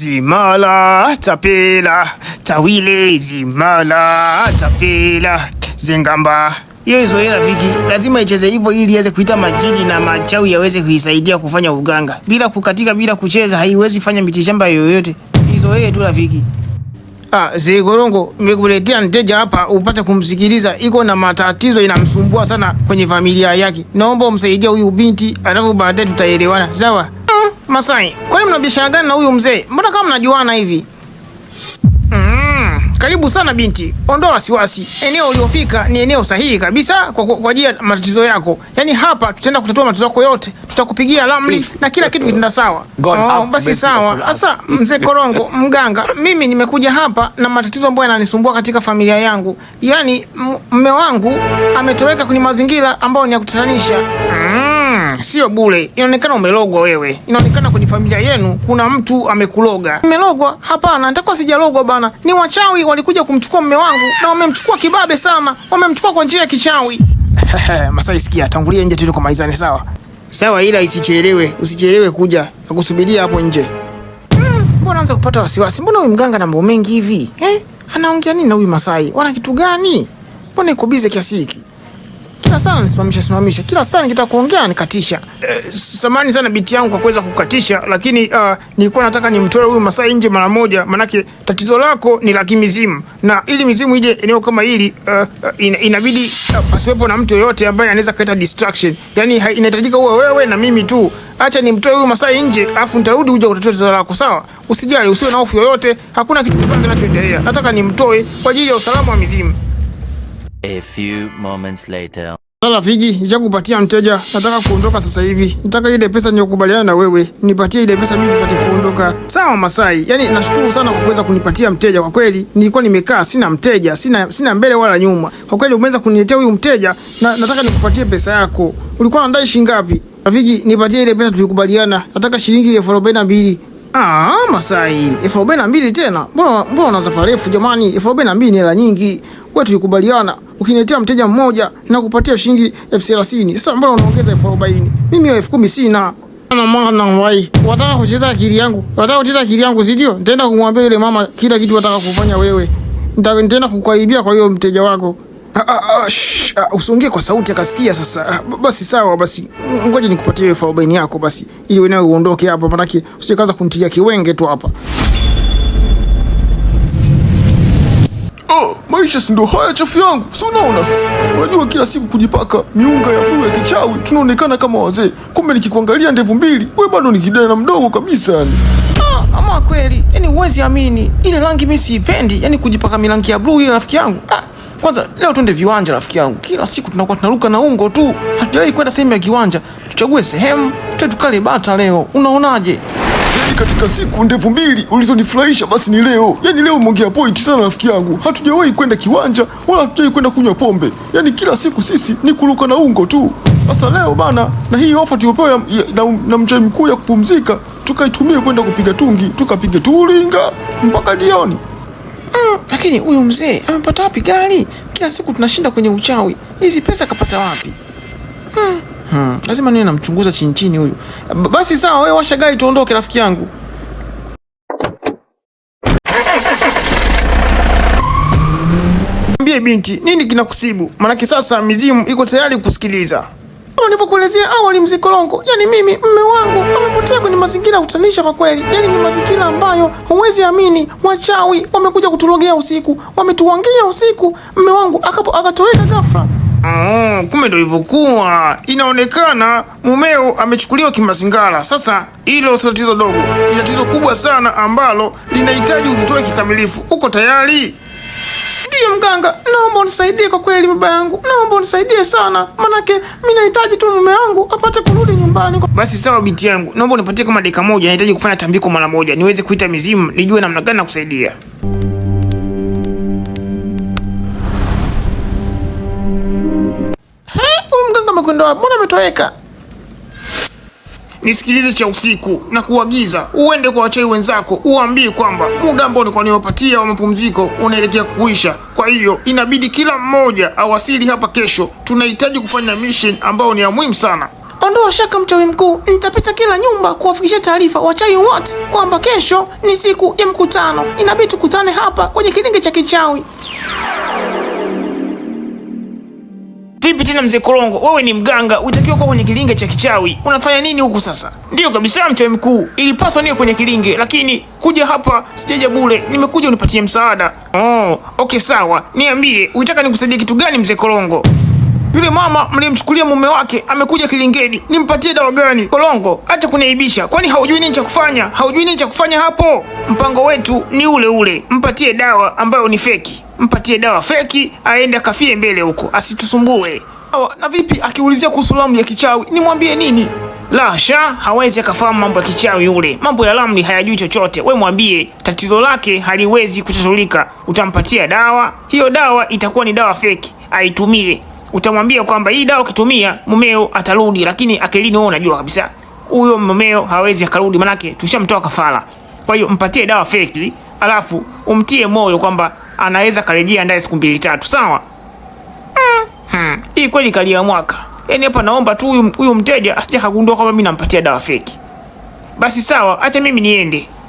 Zimala tapela tawile zimala tapela zengamba. Hiyo izoea viki lazima icheze hivyo ili iweze kuita majini na machawi yaweze kuisaidia kufanya uganga. Bila kukatika, bila kucheza haiwezi fanya mitishamba yoyote. Izoee tu rafiki. Ah, Zegorongo, nimekuletea mteja hapa upate kumsikiliza. Iko na matatizo inamsumbua sana kwenye familia yake. Naomba umsaidie huyu binti, alafu baadaye tutaelewana. Sawa? Mm, Masai, kwani mnabishana gani na huyu mzee? Mbona kama mnajuana hivi? Karibu sana binti, ondoa wasiwasi. Eneo uliofika ni eneo sahihi kabisa kwa ajili ya matatizo yako. Yaani hapa tutaenda kutatua matatizo yako yote, tutakupigia ramli na kila kitu kitenda sawa. Oh, basi sawa. Sasa mzee Korongo, mganga, mimi nimekuja hapa na matatizo ambayo yananisumbua katika familia yangu. Yaani mme wangu ametoweka kwenye mazingira ambayo ni ya kutatanisha. Mm mm, sio bure. Inaonekana umelogwa wewe, inaonekana kwenye familia yenu kuna mtu amekuloga. Umelogwa? Hapana, nitakuwa sijalogwa bana. Ni wachawi walikuja kumchukua mume wangu na wamemchukua kibabe sana, wamemchukua kwa njia ya kichawi. Masai, sikia, tangulia nje tu tukamalizane, sawa sawa, ila isichelewe, usichelewe kuja, nakusubiria hapo nje. Mm, mbona anza kupata wasiwasi? Mbona huyu mganga na mambo mengi hivi eh? Anaongea nini na huyu Masai? Wana kitu gani? Mbona iko bize kiasi hiki? sina saa nisimamisha simamisha, kila saa nikitaka kuongea nikatisha. eh, samani sana biti yangu kwa kuweza kukatisha, lakini uh, nilikuwa nataka nimtoe huyu Masai nje mara moja, manake tatizo lako ni la kimizimu, na ili mizimu ije eneo kama hili uh, ah, ah, in, inabidi uh, pasiwepo na mtu yoyote ambaye anaweza kuleta distraction, yani inahitajika uwe wewe na mimi tu. Acha nimtoe huyu Masai nje, afu nitarudi uje kutatua tatizo lako, sawa? Usijali, usiwe na hofu yoyote, hakuna kitu kibaya kinachoendelea. Nataka nimtoe kwa ajili ya usalama wa mizimu. A few moments later. Rafiki, nishakupatia mteja, nataka kuondoka sasa hivi. Nataka ile pesa niliyokubaliana na wewe, nipatie ile pesa mimi nipate kuondoka. Sawa Masai, yani nashukuru sana kwa kuweza kunipatia mteja. Kwa kweli nilikuwa nimekaa sina mteja, sina sina mbele wala nyuma. Kwa kweli umeweza kuniletea huyu mteja na nataka nikupatie pesa yako. Ulikuwa unadai shilingi ngapi? Rafiki, nipatie ile pesa tulikubaliana. Nataka shilingi elfu arobaini na mbili. Ah, Masai, elfu arobaini na mbili tena? Mbona mbona unaanza parefu jamani? elfu arobaini na mbili ni hela nyingi. Wewe tulikubaliana ukiniletea mteja mmoja na kupatia shilingi elfu thelathini. Sasa mbona unaongeza elfu arobaini? Mimi hiyo elfu kumi sina. Ana mwana wai. Wataka kucheza akili yangu. Wataka kucheza akili yangu, si Nitaenda kumwambia yule mama kila kitu wataka kufanya wewe. Nitaenda kukukaribia kwa hiyo mteja wako. Ah, ah, ah, usiongee kwa sauti akasikia. Sasa basi, sawa basi, ngoja nikupatie elfu arobaini yako basi, ili wewe uondoke hapa, manake usikaanza kunitilia kiwenge tu hapa. Oh, Maisha si ndo haya chafu yangu, si unaona? Sasa unajua kila siku kujipaka miunga ya bure ya kichawi, tunaonekana kama wazee, kumbe nikikuangalia ndevu mbili, we bado ni kijana mdogo kabisa yani. Ah, ama kweli, yani huwezi amini ile rangi mimi siipendi, yani kujipaka milangi ya blue ile rafiki yangu ah. Kwanza leo tuende viwanja, rafiki yangu. Kila siku tunakuwa tunaruka na ungo tu, hatujawahi kwenda sehemu ya kiwanja. Tuchague sehemu te, tukale bata leo, unaonaje? Yani katika siku ndevu mbili ulizonifurahisha basi ni leo. Yani leo umeongea point sana rafiki yangu, hatujawahi kwenda kiwanja wala hatujawahi kwenda kunywa pombe. Yani kila siku sisi ni kuruka na ungo tu. Sasa leo bana, na hii ofa tuliopewa na, na mchai mkuu ya kupumzika tukaitumie kwenda kupiga tungi, tukapige tulinga mpaka jioni. Lakini huyu mzee amepata wapi gari? Kila siku tunashinda kwenye uchawi, hizi pesa kapata wapi? hmm. Hmm. Lazima niwe namchunguza chini chini huyu. Basi sawa, wewe washa gari tuondoke, rafiki yangu. Mbie binti, nini kinakusibu? Maanake sasa mizimu iko tayari kusikiliza kama nilivyokuelezea awali, Mzee Kolongo, yani mimi mme wangu amepotea kwenye mazingira ya kutatanisha kwa kweli, yani ni mazingira ambayo huwezi amini. Wachawi wamekuja kutulogea usiku, wametuwangia usiku, mme wangu akapo akatoweka ghafla. Mm, kumbe ndio ilivyokuwa. Inaonekana mumeo amechukuliwa kimazingara. Sasa hilo sio tatizo dogo, ni tatizo kubwa sana ambalo linahitaji ujitoe kikamilifu. Uko tayari? Mganga, naomba unisaidie kwa kweli, baba yangu, naomba unisaidie sana, manake mimi nahitaji tu mume wangu apate kurudi nyumbani. Basi sawa, binti yangu, naomba unipatie kama dakika moja, nahitaji kufanya tambiko mara moja, niweze kuita mizimu, nijue namna gani na kusaidia. mganga amekwenda wapi? Mbona ametoweka? nisikilize cha usiku na kuagiza uende kwa wachawi wenzako, uambie kwamba muda ambao nilikuwa niwapatia wa mapumziko unaelekea kuisha. Kwa hiyo inabidi kila mmoja awasili hapa kesho, tunahitaji kufanya mission ambayo ni ya muhimu sana. Ondoa shaka, mchawi mkuu, nitapita kila nyumba kuwafikishia taarifa wachawi wote kwamba kesho ni siku ya mkutano, inabidi tukutane hapa kwenye kilinge cha kichawi. Vipi tena mzee Korongo, wewe ni mganga, utakiwa kuwa kwenye kilinge cha kichawi. Unafanya nini huku sasa? Ndiyo kabisa mtemi mkuu, ilipaswa niwe kwenye kilinge, lakini kuja hapa sijaja bure, nimekuja unipatie msaada. Oh, okay sawa, niambie unataka nikusaidie kitu gani mzee Korongo? Yule mama mlimchukulia mume wake amekuja kilingeni, nimpatie dawa gani? Korongo, acha kuniaibisha, kwani haujui nini cha kufanya? Haujui nini cha kufanya hapo? Mpango wetu ni ule ule, mpatie dawa ambayo ni feki mpatie dawa feki aende akafie mbele huko asitusumbue. Oh, na vipi akiulizia kuhusu lamu ya kichawi nimwambie nini? La sha, hawezi akafahamu mambo ya kichawi yule. Mambo ya lamu hayajui chochote. We mwambie tatizo lake haliwezi kutatulika. Utampatia dawa, hiyo dawa itakuwa ni dawa feki, aitumie. Utamwambia kwamba hii dawa ukitumia mumeo atarudi, lakini akilini wewe unajua kabisa huyo mumeo hawezi akarudi, manake tushamtoa kafara. Kwa hiyo mpatie dawa feki, alafu umtie moyo kwamba anaweza karejea ndaye siku mbili tatu, sawa? Hmm, hmm. Hii kweli kalia mwaka. Yaani hapa naomba tu huyu huyu mteja asije kagundua kwamba mimi nampatia dawa feki. Basi sawa, acha mimi niende.